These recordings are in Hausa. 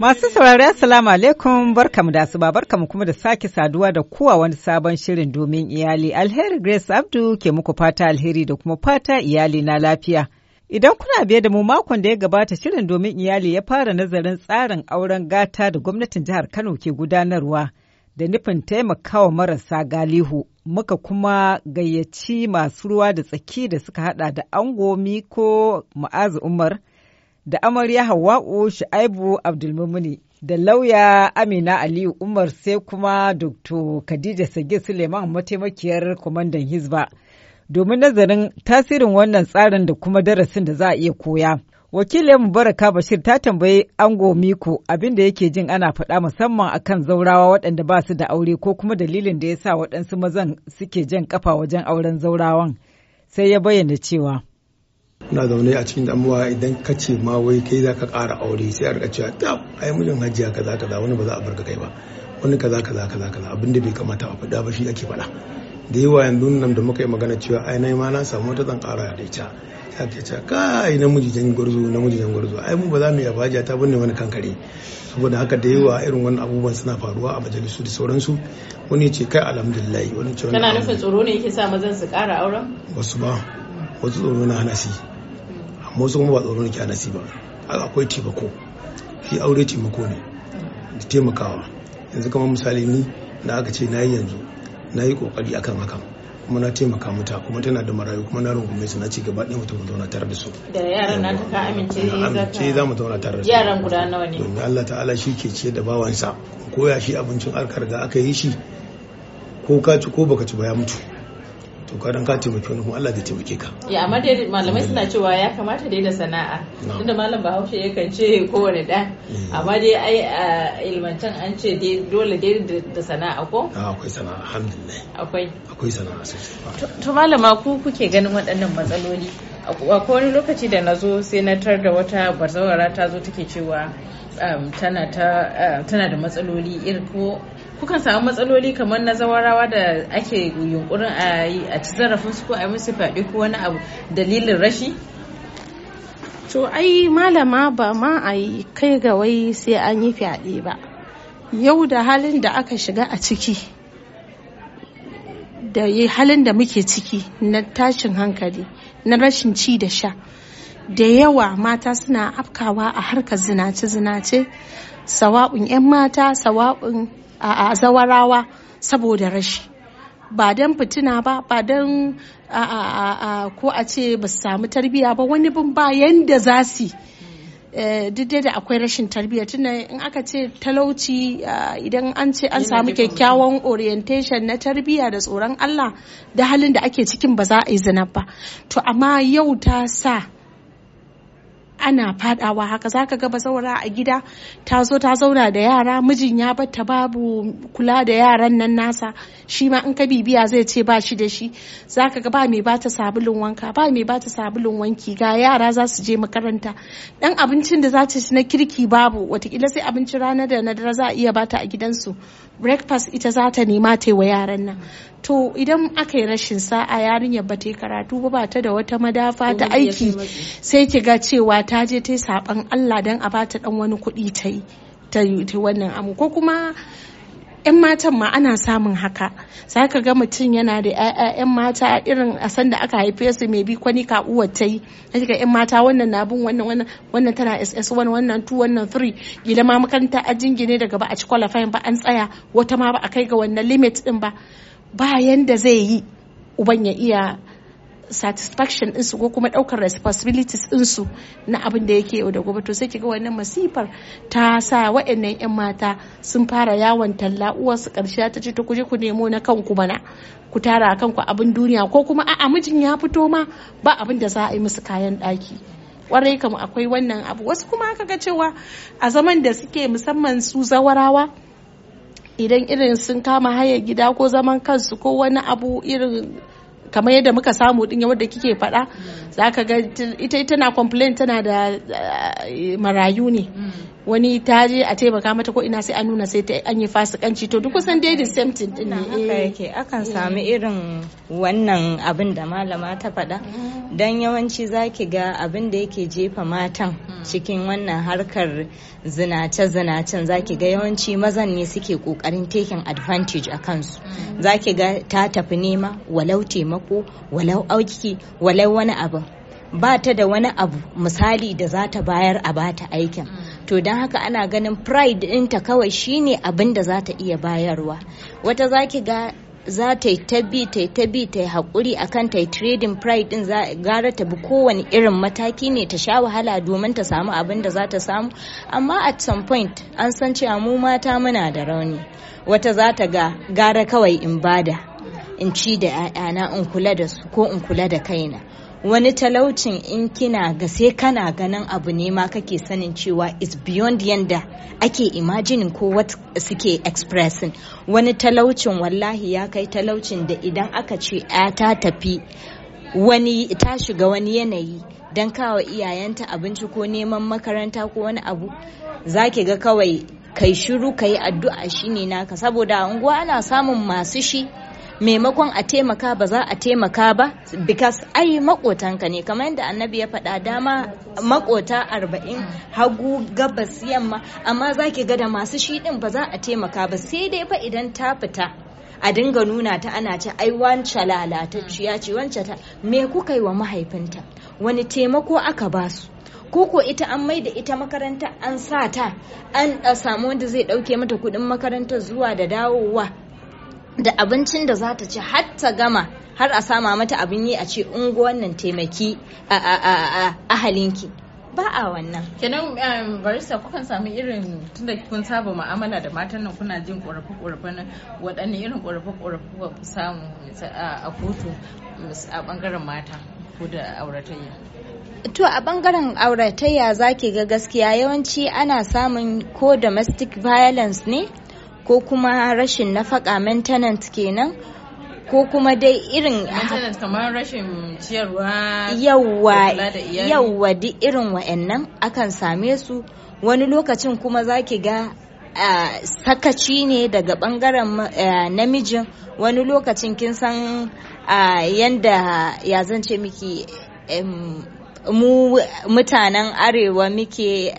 Masu saurari Assalamu alaikum barkamu da asuba barkamu kuma da sake saduwa da kuwa wani sabon shirin domin iyali. Alheri Grace Abdu ke muku fata alheri da kuma fata iyali na lafiya. Idan kuna biye da mu makon da ya gabata shirin domin iyali ya fara nazarin tsarin auren gata da gwamnatin jihar Kano ke gudanarwa da nufin taimakawa marasa galihu. Muka kuma gayyaci masu ruwa da tsaki da suka hada da ango Miko Ma'azu Umar. da amarya Hawwa'u Shu'aibu Abdulmumini da lauya Amina Aliyu Umar sai kuma Dr. Khadija Sage Suleiman mataimakiyar kwamandan Hizba domin nazarin tasirin wannan tsarin da kuma darasin da za a iya koya. Wakilin Baraka Bashir ta tambayi Ango Miko abinda yake jin ana faɗa musamman akan zaurawa waɗanda ba su da aure ko kuma dalilin da ya sa waɗansu mazan suke jan kafa wajen auren zaurawan sai ya bayyana cewa. na zaune a cikin damuwa idan ka ce ma wai kai za ka ƙara aure sai a rika cewa ta ai mijin hajiya kaza kaza wani ba za a farka kai ba wani kaza kaza kaza kaza abin bai kamata a faɗa ba shi ake faɗa da yawa yanzu nan da muka yi magana cewa ai nai ma na samu wata zan ƙara da ita sai ake cewa kai namiji jan gwarzo namiji jan gwarzo ai mu ba za mu yaba hajiya ta binne wani kankare saboda haka da yawa irin wannan abubuwan suna faruwa a majalisu da sauransu wani ce kai alhamdulillah wani ce wani kana nufin tsoro ne yake sa mazan su ƙara auren wasu ba wasu tsoro na hanasi su amma wasu kuma ba tsoro ke hanasi su ba akwai taimako shi aure taimako ne da taimakawa yanzu kamar misali ni na aka ce na yi yanzu na yi kokari akan hakan kuma na taimaka mata kuma tana da marayu kuma na rungume su na ci gaba ɗaya mutum zauna tare da su da yaran na ka amince amince za mu zauna tare yaran guda nawa ne domin Allah ta'ala shi ke ce da bawansa ko ya shi abincin alkar da aka yi shi ko ka ci ko baka ci ba ya mutu to ka dan ka taimaki wani kuma Allah zai taimake ka ya amma dai malamai suna cewa ya kamata dai da sana'a tunda malam Bahaushe yakan ce kowane da eh. amma dai ai a ilmantan an ce dai dole dai da sana'a ko ah, akwai sana'a alhamdulillah akwai akwai sana'a sosai to malama ku kuke ganin waɗannan matsaloli a wani lokaci da na zo sai na tar da wata bazawara ta zo take cewa um, eh, tana da matsaloli irin ko kukan samu matsaloli kamar na zawarawa da ake yunkurin a yi a ci zarafin su ko a yi musu fyaɗe ko wani abu dalilin rashi to ai malama ba ma a yi kai ga wai sai an yi fyaɗe ba yau da halin da aka shiga a ciki da halin da muke ciki na tashin hankali na rashin ci da sha da yawa mata suna afkawa a harkar zinace-zinace sawa'un 'yan mata sawa'un a zawarawa saboda rashi ba don fitina ba ba don ko a ce ba su samu tarbiyya ba wani bin ba da za su eh, duk da akwai rashin tarbiyya tunda in aka ce talauci idan an ce an samu kyakkyawan orientation na tarbiyya da tsoron Allah da halin da ake cikin ba za a yi zina ba to amma yau ta sa ana fadawa haka zaka ga zaura a gida ta zo ta zauna da yara mijin ya batta babu kula da yaran nan nasa shi ma in ka bibiya zai ce ba shi da shi zaka ga ba mai bata sabulun wanka ba mai bata sabulun wanki ga yara za su je makaranta dan abincin da za ta ci na kirki babu watakila sai abincin rana da na dare za a iya bata a gidansu breakfast ita za ta nema ta yi wa yaran nan to idan aka yi rashin sa'a yarinyar ba ta yi karatu ba ba ta da wata madafa ta aiki sai ki ga cewa ta je ta yi saɓan Allah dan a bata dan wani kuɗi ta yi ta wannan amu ko kuma 'yan matan ma ana samun haka za ka ga mutum yana da 'yan mata irin a sanda aka haife su mai bi kwani ka uwar ta yi ga 'yan mata wannan na bin wannan wannan wannan tana ss1 wannan 2 wannan 3 gida ma makaranta a jingine daga ba a ci qualifying ba an tsaya wata ma ba a kai ga wannan limit din ba bayan da zai yi uban ya iya satisfaction ɗinsu ko kuma ɗaukar responsibilities ɗinsu na abin da yake yau da gobe to sai kiga wannan masifar ta sa waɗannan 'yan mata sun fara yawon talla uwarsu ƙarshe ta ce ta kuje ku nemo na kanku mana ku tara kanku abin duniya ko kuma a'a mijin ya fito ma ba abin da za a yi musu kayan ɗaki kwarai kam akwai wannan abu wasu kuma aka ga cewa a zaman da suke musamman su zawarawa idan irin sun kama haya gida ko zaman kansu ko wani abu irin kamar yadda muka samu din wadda kike faɗa za ka ga ita tana complain tana da eh, marayu ne wani ta je a taimaka mata ko ina sai an nuna sai an yi fasikanci to duk kusan dai the same thing din ne eh. yake akan eh. samu irin wannan abin da malama ta faɗa dan yawanci zaki ga abin da yake jefa matan cikin wannan harkar zinace zinacen zaki ga yawanci mazan ne suke kokarin taking advantage a kansu zaki ga ta tafi nema walau taimako taimako walau auki walau wani abu ba ta da wani abu misali da za ta bayar a bata aikin mm. to don haka ana ganin pride ɗinta kawai shine abin da za ta iya bayarwa wata za ki ga za ta yi ta bi ta yi ta bi ta yi haƙuri a kan ta yi trading pride din gara ta bi kowane irin mataki ne ta sha wahala domin ta samu abin da za ta samu amma at some point an san cewa mu mata muna da rauni wata za ta ga gara kawai in bada in ci da 'ya'yana in kula da su ko in kula da kaina wani talaucin in kina ga sai kana ganin abu ne ma kake sanin cewa is beyond yanda ake imagining ko what suke expressing wani talaucin wallahi ya kai talaucin da idan aka ce ta tafi wani ta shiga wani yanayi don kawo iyayenta abinci ko neman makaranta ko wani abu za ki ga kawai kai shiru kai addu'a shine naka saboda unguwa ana samun masu shi maimakon a taimaka ba za a taimaka ba because ai makotanka ne kamar yadda annabi ya faɗa dama makota arba'in hagu gabas yamma amma za ki ga da masu shi ɗin ba za a taimaka ba sai dai fa idan ta fita a dinga nuna ta ana ce ai wancan ya hmm. ce wancan ta me kuka yi wa mahaifinta wani taimako aka ba su koko ita an mai da ita makaranta an sa ta an samu wanda zai dauke mata kudin makaranta zuwa da dawowa da abincin da za ta ci har ta gama har a sama mata abin yi a ce unguwan nan taimaki a ahalinki ba a wannan kenan um, barista kukan sami irin tunda kun saba mu'amala da matan nan kuna jin ƙorafe-ƙorafe nan waɗanne irin ƙorafe-ƙorafe ba ku samu a kotu a ɓangaren mata ko da auratayya To a ɓangaren auratayya zaki ga gaskiya yawanci ana samun ko domestic violence ne ko kuma rashin nafaka maintenance kenan ko kuma dai irin kamar rashin ciyarwa yawwa yawwa irin wa'annan akan same su wani lokacin kuma zaki ga sakaci ne daga bangaren uh, namijin wani lokacin kin san uh, yanda ya zance miki mutanen arewa muke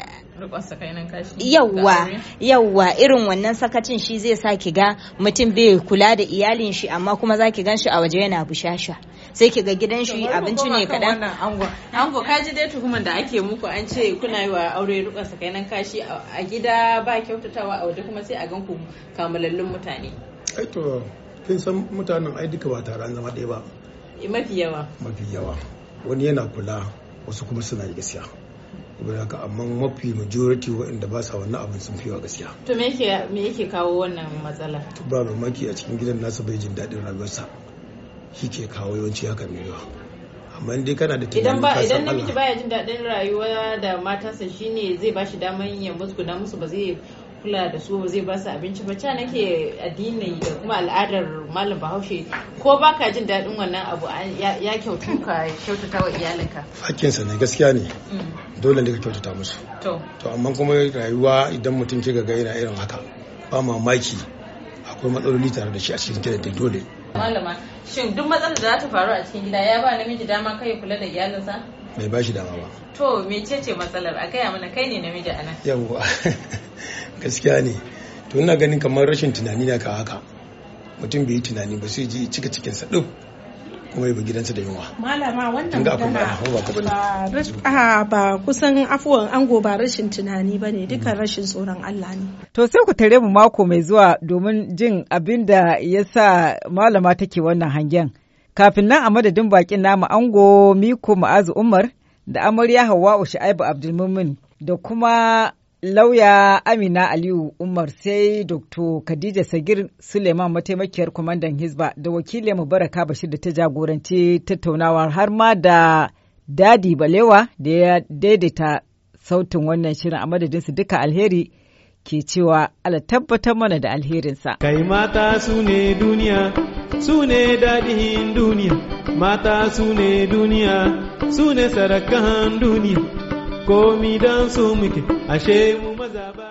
yawwa yawwa irin wannan sakacin shi zai sa ki ga mutum bai kula da iyalin shi amma kuma za ki gan shi a waje yana bushasha sai ki ga gidan shi abinci ne kaɗan. Ango ka ji dai tuhuman da ake muku an ce kuna yi wa aure rukun sakainan kashi a gida ba kyautatawa a waje kuma sai a gan ku kamalallun mutane. Ai to kin san mutanen ai duka ba tare an zama ɗaya ba. Mafi yawa. Mafi yawa. Wani yana kula wasu kuma suna yi gaskiya. saboda haka amma mafi majority waɗanda ba sa wannan abin sun fiwa gaskiya to me yake me yake kawo wannan matsala ba mamaki a cikin gidan nasa bai jin daɗin rayuwarsa shi ke kawo yawanci haka ne yawa amma dai kana da idan ba idan namiji baya jin daɗin rayuwa da matarsa shine zai bashi daman ya musguna musu ba zai kula da su ba zai ba su abinci ba ca nake addini da kuma al'adar malam bahaushe ko ba ka jin daɗin wannan abu ya kyautu ka kyautata wa iyalinka hakkinsa ne gaskiya ne mm. dole ne ka kyautata musu to amma kuma rayuwa idan mutum ke ga yana irin haka ba mamaki akwai matsaloli tare da shi a cikin gidan da dole malama shin duk matsalar da za ta faru a cikin gida ya ba namiji dama kai kula da iyalinsa bai ba shi dama ba to mecece matsalar a gaya mana kai ne namiji a nan yawwa gaskiya ne to ina ganin kamar rashin tunani na ka haka mutum bai yi tunani ba sai ji cika cikinsa ɗin kuma yi gidansa da yunwa. Malama wannan magana ba ah, kusan afuwan ango ba rashin tunani ba ne dukkan mm. rashin tsoron Allah ne. To sai ku tare mu mako mai zuwa domin jin abin da ya sa malama take wannan hangen. Kafin nan a madadin bakin namu ango Miko Ma'azu Umar da amarya Hawwa'u Shu'aibu Abdulmumin da kuma lauya amina aliyu umar sai dr khadija sagir suleiman mataimakiyar kwamandan hisba da wakilin baraka bashir da ta jagoranci tattaunawar har ma da dadi balewa da ya daidaita sautin wannan shirin a madadinsu duka alheri ke cewa ala tabbatar mana da alherinsa kai mata su ne duniya su ne dadihin duniya mata su ne duniya su ne sarakan duniya komi dan su muke ashe mu maza ba